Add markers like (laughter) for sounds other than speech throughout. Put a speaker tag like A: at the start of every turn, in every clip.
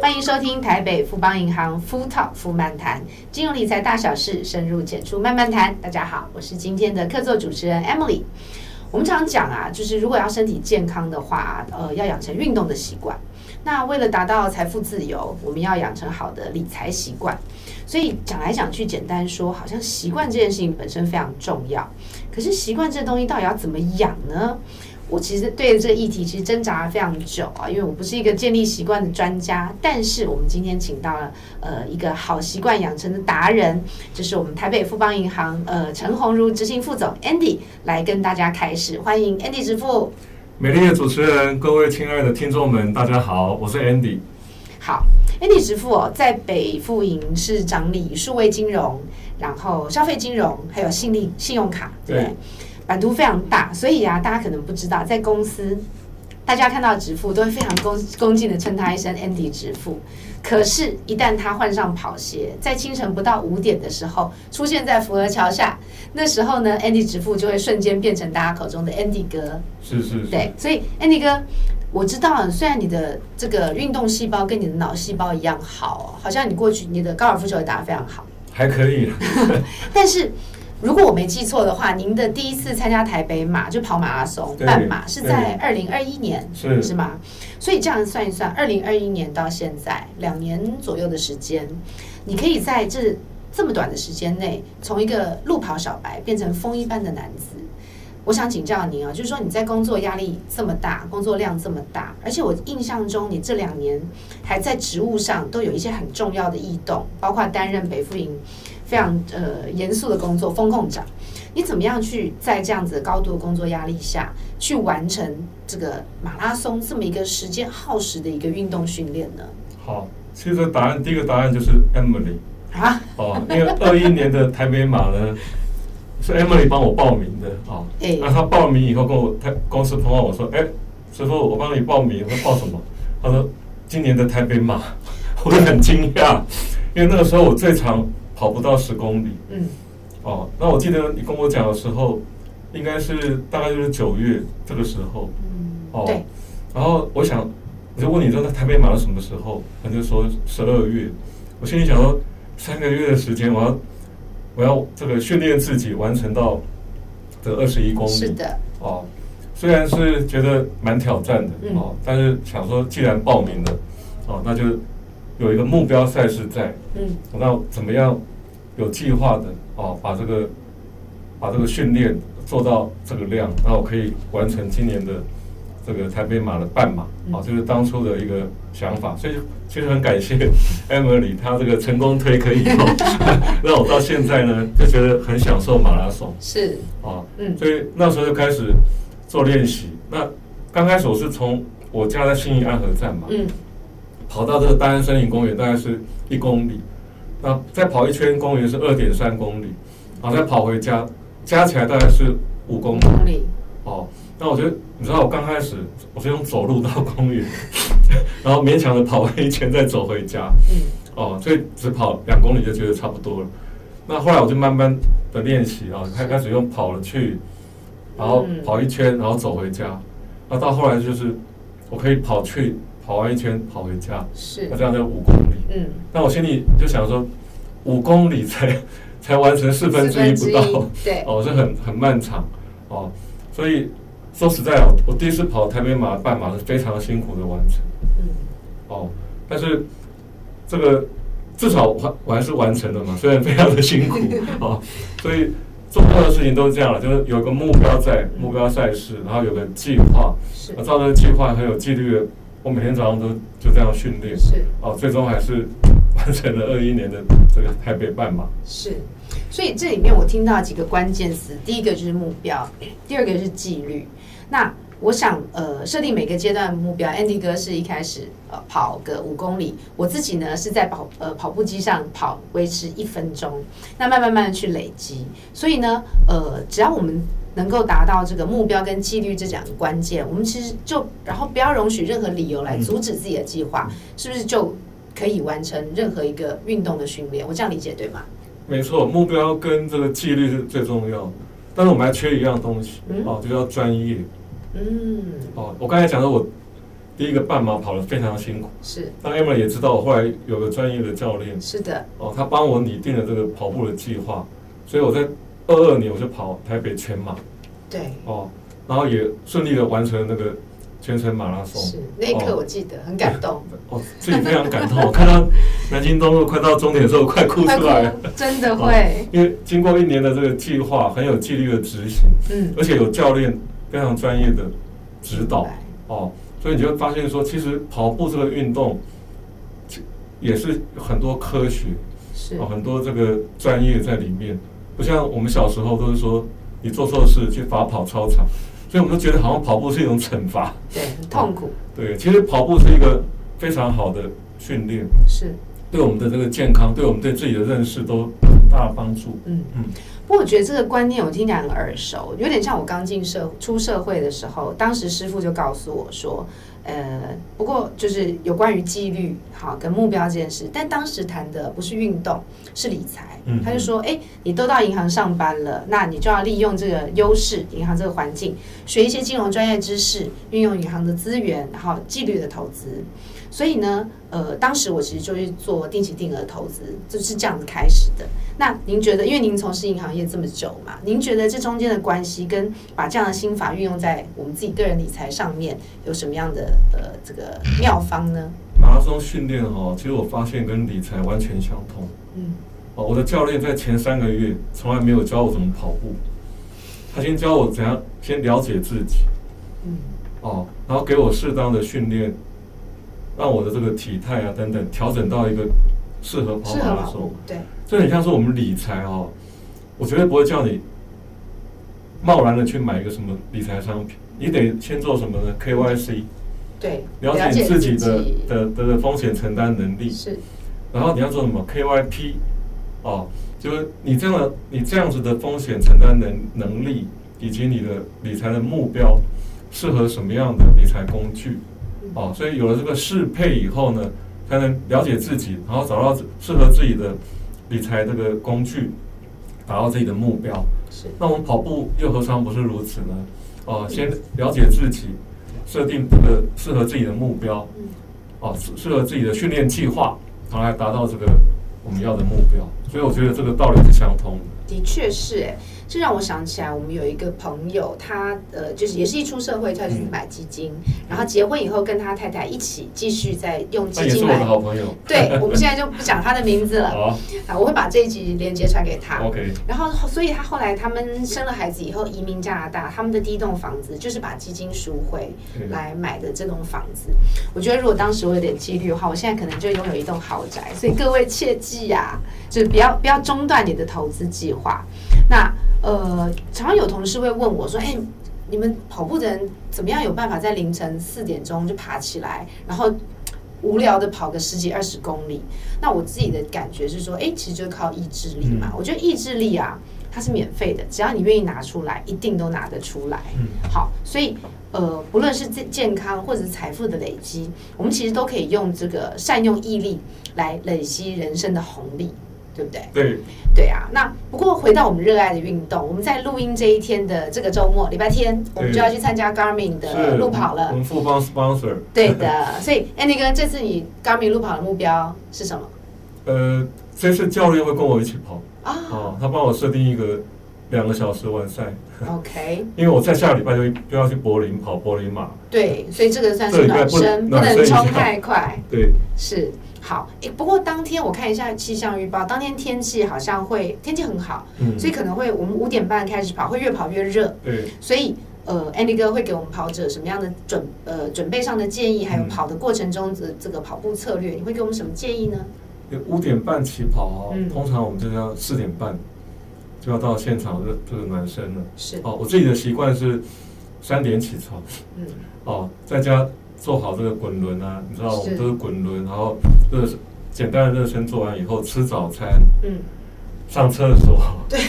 A: 歡迎收聽臺北富邦銀行富 Talk，富漫談，金融理財大小事，深入淺出慢慢談。大家好，我是今天的客座主持人 Emily。我們常講啊，就是如果要身體健康的話，呃，要養成運動的習慣。那為了達到財富自由，我們要養成好的理財習慣。所以講來講去，簡單說，好像習慣這件事情本身非常重要。可是習慣這東西到底要怎麼養呢？我其實對這個議題其實掙扎了非常久啊，因為我不是一個建立習慣的專家。但是我們今天請到了呃一個好習慣養成的達人，就是我們台北富邦銀行呃陳鴻儒執行副總 Andy 來跟大家開始。歡迎 Andy 之父，
B: 美麗的主持人，各位親愛的聽眾們，大家好，我是 Andy。
A: 好，Andy 執副哦，在北富銀是掌理數位金融，然後消費金融，還有信貸信用卡，對，對版圖非常大。所以啊，大家可能不知道，在公司大家看到執副都會非常恭恭敬地稱他一聲 Andy 執副。可是，一旦他換上跑鞋，在清晨不到五點的時候，出現在福和橋下，那時候呢，Andy 執副就會瞬間變成大家口中的 Andy 哥。是，是是，對，所以 Andy 哥。我知道，雖然你的這個運動細胞跟你的腦細胞一樣好，好像你過去你的高爾夫球也打得非常好，
B: 還可以。
A: (laughs) 但是，如果我沒記錯的話，您的第一次參加台北馬就跑馬拉松、半對馬是在二零二一年，對是嗎？是，所以這樣算一算，二零二一年到現在兩年左右的時間，你可以在這這麼短的時間內，從一個路跑小白變成風一般的男子。我想請教您啊，就是說你在工作壓力這麼大，工作量這麼大，而且我印象中你這兩年還在職務上都有一些很重要的異動，包括擔任北富銀非常呃嚴肅的工作風控長。你怎麼樣去在這樣子高度的工作壓力下，去完成這個馬拉松這麼一個時間耗時的一個運動訓練呢？
B: 好，其實答案第一個答案就是 Emily 啊，哦，那個二一年的台北馬呢。 (laughs) 是 Emily 幫我報名的啊、嗯哦，那他報名以後跟我他公司朋友我說，哎、欸，所以說我幫你報名，我說，報什麼？他 (laughs) 說今年的台北馬，我就很驚訝，因為那個時候我最長跑不到十公里。嗯。哦，那我記得你跟我講的時候，應該是大概就是九月這個時候。嗯。哦。然後我想，我就問你知道台北馬到什麼時候。他就說十二月。我心裡想說，三個月的時間，我要。我要這個訓練自己完成到這二十一公里，是的。哦，雖然是覺得蠻挑戰的哦、啊，但是想說既然報名了，哦，那就有一個目標賽事在。嗯。那怎麼樣有計劃的哦、啊，把這個把這個訓練做到這個量，那我可以完成今年的。這個台北馬的半馬啊，就是當初的一個想法，所以其實很感謝 Emily，她這個成功推坑以後，讓 (laughs) (laughs) 我到現在呢，就覺得很享受馬拉松。是啊，嗯，所以那時候就開始做練習。那剛開始我是從我家在信義安和站嘛，嗯，跑到這個大安森林公園，大概是一公里，那再跑一圈公園是二點三公里，然後再跑回家，加起來大概是五公里。公里哦，那我覺得。你知道我剛開始，我是用走路到公園， (laughs) 然後勉強的跑完一圈再走回家。嗯、哦，所以只跑兩公里就覺得差不多了。那後來我就慢慢的練習啊，開是開始用跑了去，然後跑一圈，嗯、然後走回家。那到後來就是，我可以跑去跑完一圈跑回家。是。那、啊、這樣就五公里。嗯。那我心裡就想說，五公里才才完成四分之一不到，對，哦，是很很漫長，哦，所以。說實在哦，我第一次跑台北馬半馬是非常辛苦的完成，哦，但是這個至少我還是完成的嘛，雖然非常的辛苦哦，所以做任何事情都是這樣了，就是有個目標在，目標賽事，然後有個計劃，我照這個計劃很有紀律的，我每天早上都就這樣訓練，哦，最終還是。完成了二一年的這個台北半
A: 馬，是，所以這裡面我聽到幾個關鍵詞，第一個就是目標，第二個就是紀律。那我想，呃，設定每個階段的目標，Andy 哥是一開始呃跑個五公里，我自己呢是在跑呃跑步機上跑，維持一分鐘，那慢慢慢的去累積。所以呢，呃，只要我們能夠達到這個目標跟紀律這兩個關鍵，我們其實就然後不要容許任何理由來阻止自己的計劃，嗯、是不是就？
B: 可以完成任何一個運動的訓練，我這樣理解對嗎？沒錯，目標跟這個紀律是最重要，但是我們還缺一樣東西，哦、嗯啊，就叫專業。嗯，哦、啊，我剛才講的我第一個半馬跑得非常辛苦，是。但艾 m a 也知道，後來有個專業的教練，是的。哦、啊，他幫我擬定了這個跑步的計劃，所以我在二二年我就跑台北全馬，對。哦、啊，然後也順利的完成那個。全程馬拉松，是那一刻
A: 我記得、
B: 哦、很感動哦，自己非常感動。我 (laughs) 看到南京東路快到終點的時候，快哭出來了，
A: 真的會、哦。因
B: 為，經過一年的這個計劃，很有紀律的執行，嗯，而且有教練非常專業的指導，明白哦，所以你就會發現說，其實跑步這個運動也是很多科學是、哦、很多這個專業在裡面，不像我們小時候都是說你做錯事去罰跑操場。所以我們都覺得好像跑步是一種懲罰，對，
A: 很痛苦。啊，
B: 對，其實跑步是一個非常好的訓練，是對我們的這個健康，對我們對自己的認識都很大的幫助。嗯嗯。嗯，
A: 不過我覺得這個觀念我聽起來很耳熟，有點像我剛進社出社會的時候，當時師傅就告訴我說。呃，不過就是有關於紀律好跟目標這件事，但當時談的不是運動，是理財。他就說，哎、嗯欸，你都到銀行上班了，那你就要利用這個優勢，銀行這個環境，學一些金融專業知識，運用銀行的資源，然後紀律的投資。所以呢。呃，當時我其實就去做定期定額投資，就是這樣子開始的。那您覺得，因為您從事銀行業這麼久嘛，您覺得這中間的關係跟把這樣的心法運用在我們自己個人理財上面，有什麼樣的呃這個妙方呢？
B: 馬拉松訓練哈，其實我發現跟理財完全相同。嗯。哦，我的教練在前三個月從來沒有教我怎麼跑步，他先教我怎樣先了解自己。
A: 嗯。
B: 哦，然後給我適當的訓練。讓我的這個體態啊等等調整到一個適合跑步的時候，對。所以你是說我們理財啊、哦，我絕對不會叫你貿然的去買一個什麼理財商品，你得先做什麼呢？KYC，對，
A: 了解你自己的
B: 的的風險承擔能力是。然後你要做什麼 KYP？哦，就是你這樣的你這樣子的風險承擔能能力，以及你的理財的目標適合什麼樣的理財工具。哦，所以有了這個適配以後呢，才能了解自己，然後找到適合自己的理財這個工具，達到自己的目標。那我們跑步又何嘗不是如此呢？哦，先了解自己，設定這個適合自己的目標，哦，適合自己的訓練計劃，然後來達到這個。我們要的目標，所以我覺得這個道理是相通
A: 的。的確是，哎，這讓我想起來，我們有一個朋友，他呃，就是也是一出社會，他就去買基金，嗯、然後結婚以後跟他太太一起繼續在用基金來。他也是我的好朋
B: 友。對， (laughs) 我們現在就
A: 不講他的名字了。好啊好，我會把這一集連結傳給他。OK。然後，所以他後來他們生了孩子以後，移民加拿大，他們的第一棟房子就是把基金贖回來買的這棟房子。欸、我覺得如果當時我有點紀律的話，我現在可能就擁有一棟豪宅。所以各位切記。 (laughs) 呀，就是不要不要中斷你的投資計劃。那呃，常常有同事會問我說：“哎，你們跑步的人怎麼樣？有辦法在凌晨四點鐘就爬起來，然後無聊的跑個十幾二十公里？”那我自己的感覺是說：“哎，其實就靠意志力嘛。嗯”我覺得意志力啊。它是免費的，只要你願意拿出來，一定都拿得出來。嗯，好，所以，呃，不論是健健康或者是財富的累積，我們其實都可以用這個善用毅力來累積人生的紅利，對不對？對，對啊。那不過回到我們熱愛的運動，我們在錄音這一天的這個週末，禮拜天，我們就要去參加 Garmin 的路跑了。我們
B: 複方 sponsor。
A: 對的， (laughs) 所以 Andy 哥，這次你 Garmin 路跑的目標是什麼？
B: 呃，這次教練會跟我一起跑。啊、哦，他幫我設定一個兩個小時完賽。OK，因為我在下個禮拜就要去柏林跑柏林馬。對，
A: 對所以這個算是暖身，不，暖身不能衝太快。對，是好。哎、欸，不過當天我看一下氣象預報，當天天氣好像會天氣很好，嗯、所以可能會我們五點半開始跑，會越跑越熱。對，所以呃，Andy 哥會給我們跑者什麼樣的準呃準備上的建議，還有跑的過程中的這個跑步策略，嗯、你會給我們什麼建議呢？
B: 五點半起跑哦，嗯、通常我們就是要四點半就要到現場熱這個暖身了。是哦，我自己的習慣是三點起床。嗯哦，在家做好這個滾輪啊，你知道我們都是滾輪，然後熱簡單的熱身做完以後吃早餐。嗯，上廁所。對，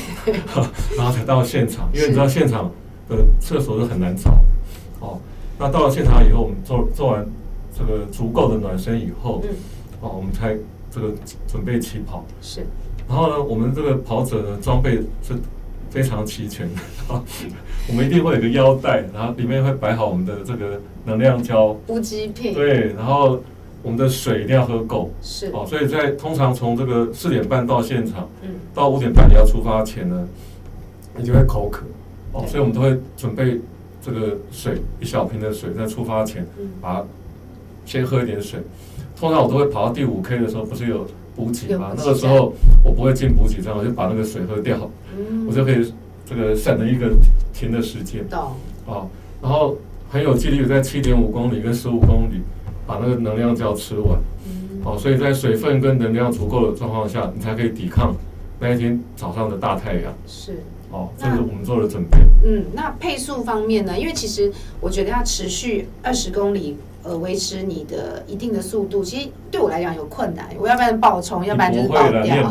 B: 然後才到現場， (laughs) 因為你知道現場的廁所是很難找。哦，那到了現場以後，我們做做完這個足夠的暖身以後，嗯、哦，我們才。這個準備起跑是。然後呢，我們這個跑者呢，裝備是非常齊全的，我們一定會有個腰帶，然後裡面會擺好我們的這個能量膠、
A: 補給品。對，然
B: 後我們的水一定要喝夠。是哦。所以在通常從這個四點半到現場，嗯，到五點半你要出發前呢，你就會口渴哦，對所以我們都會準備這個水一小瓶的水，在出發前把它先喝一點水。嗯嗯通常我都會跑到第五 K 的時候，不是有補給嗎？給那個時候我不會進補給站，我就把那個水喝掉，嗯、我就可以這個省了一個停的時間。懂。哦，然後很有紀律，在七點五公里跟十五公里把那個能量膠吃完。嗯。哦，所以在水分跟能量足夠的狀況下，你才可以抵抗那一天早上的大太陽。是。哦，那這是我們做的準備。嗯，
A: 那配速方面呢？因為其實我覺得要持續二十公里。呃，維持你的一定的速度，其實對我來講有困難。我要不然爆衝，要不然就是爆掉。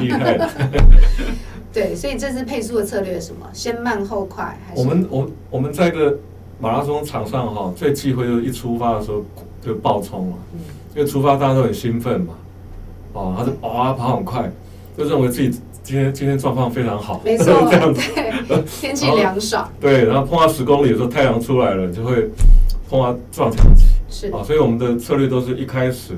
A: (laughs) 對，所以這次配速的策略，是什麼先慢後快？還
B: 是我們我我們在一個馬拉松場上哈，最忌諱就是一出發的時候就爆衝，嗯、因為出發大家都很興奮嘛。哦，他就哇、啊、對跑很快，就認為自己今天今天狀況非常好，沒錯錯，這樣子。對天氣涼爽，對，然後碰到十公里的時候太陽出來了，就會碰到撞牆。是啊、哦，所以我們的策略都是一開始，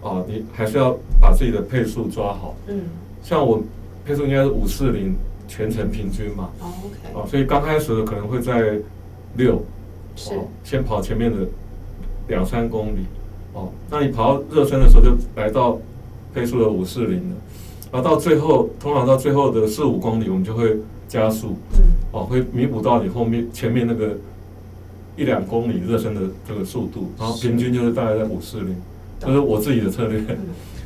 B: 啊、哦，你還是要把自己的配速抓好。嗯，像我配速應該是五四零全程平均嘛。哦，OK。啊、哦，所以剛開始可能會在六、哦，是，先跑前面的兩三公里，哦，那你跑到熱身的時候就來到配速的五四零了，然後到最後通常到最後的四五公里，我們就會加速，嗯，哦，會彌補到你後面前面那個。一兩公里熱身的這個速度，然後平均就是大概在五
A: 四零，這是，是我自己的策略。嗯、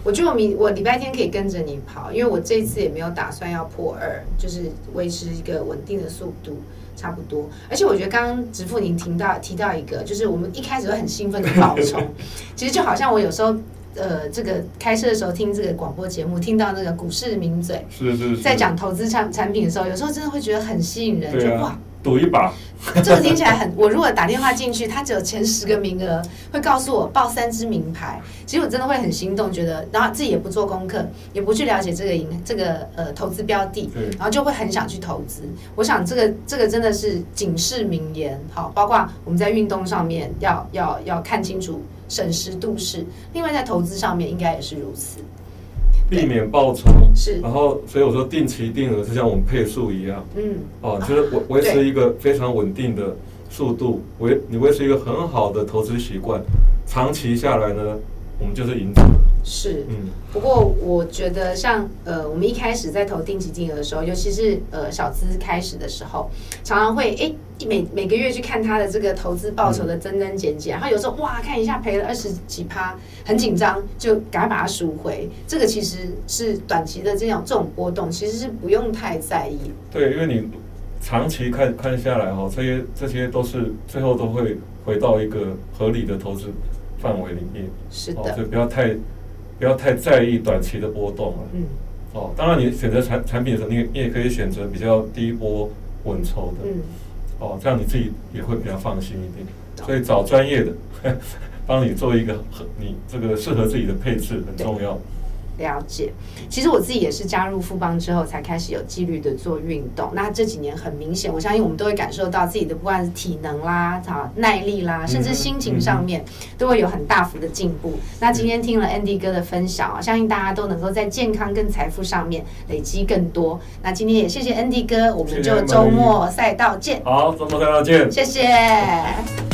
A: 我覺得我明我禮拜天可以跟着你跑，因為我這次也沒有打算要破二，就是維持一個穩定的速度，差不多。而且我覺得剛剛植富您提到提到一個，就是我們一開始會很興奮的爆衝， (laughs) 其實就好像我有時候呃這個開車的時候聽這個廣播節目，聽到那個股市名嘴是，
B: 是是，在講
A: 投資產產品的時候，有時候真的會覺得很吸引人，啊、就哇。
B: 賭
A: 一把，對 (laughs) 這個聽起來很。我如果打電話進去，他只有前十個名額會告訴我報三支明牌，其實我真的會很心動覺得，然後自己也不做功課，也不去了解這個營這個呃投資標的，然後就會很想去投資。對我想這個這個真的是警世名言，好，包括我們在運動上面要要要看清楚審時度勢，另外在投資上面應該也是如此。
B: 避免爆衝，是。然後，所以我說定期定額，就像我們配速一樣，嗯，哦、啊，就是維、啊、維持一個非常穩定的速度，維你維持一個很好的投資習慣，長期下來呢，我們就是贏。是，嗯，
A: 不過我覺得像呃，我們一開始在投定期定額的時候，尤其是呃小資開始的時候，常常會哎、欸、每每個月去看他的這個投資報酬的增增減減，嗯、然後有時候哇看一下賠了二十幾趴，很緊張，嗯、就趕快把它贖回。這個其實是短期的這種這種波動，其實是不用太在意。
B: 對，因為你長期看看下來哈、哦，這些這些都是最後都會回到一個合理的投資範圍裡面。是的，就、哦、不要太。不要太在意短期的波動了、啊嗯。哦，當然，你選擇產產品的時候，你你也可以選擇比較低波、穩籌的。嗯嗯、哦，這樣你自己也會比較放心一點。對。所以找專業的，幫你做一個你這個適合自己的配置很重要。
A: 了解，其實我自己也是加入富邦之後才開始有紀律的做運動。那這幾年很明顯，我相信我們都會感受到自己的不管是體能啦、好耐力啦，甚至心情上面，都會有很大幅的進步。嗯嗯、那今天聽了 Andy 哥的分享、啊，相信大家都能夠在健康跟財富上面累積更多。那今天也謝謝 Andy 哥，我們就周末賽道見。
B: 好，周末賽道見，
A: 謝謝。嗯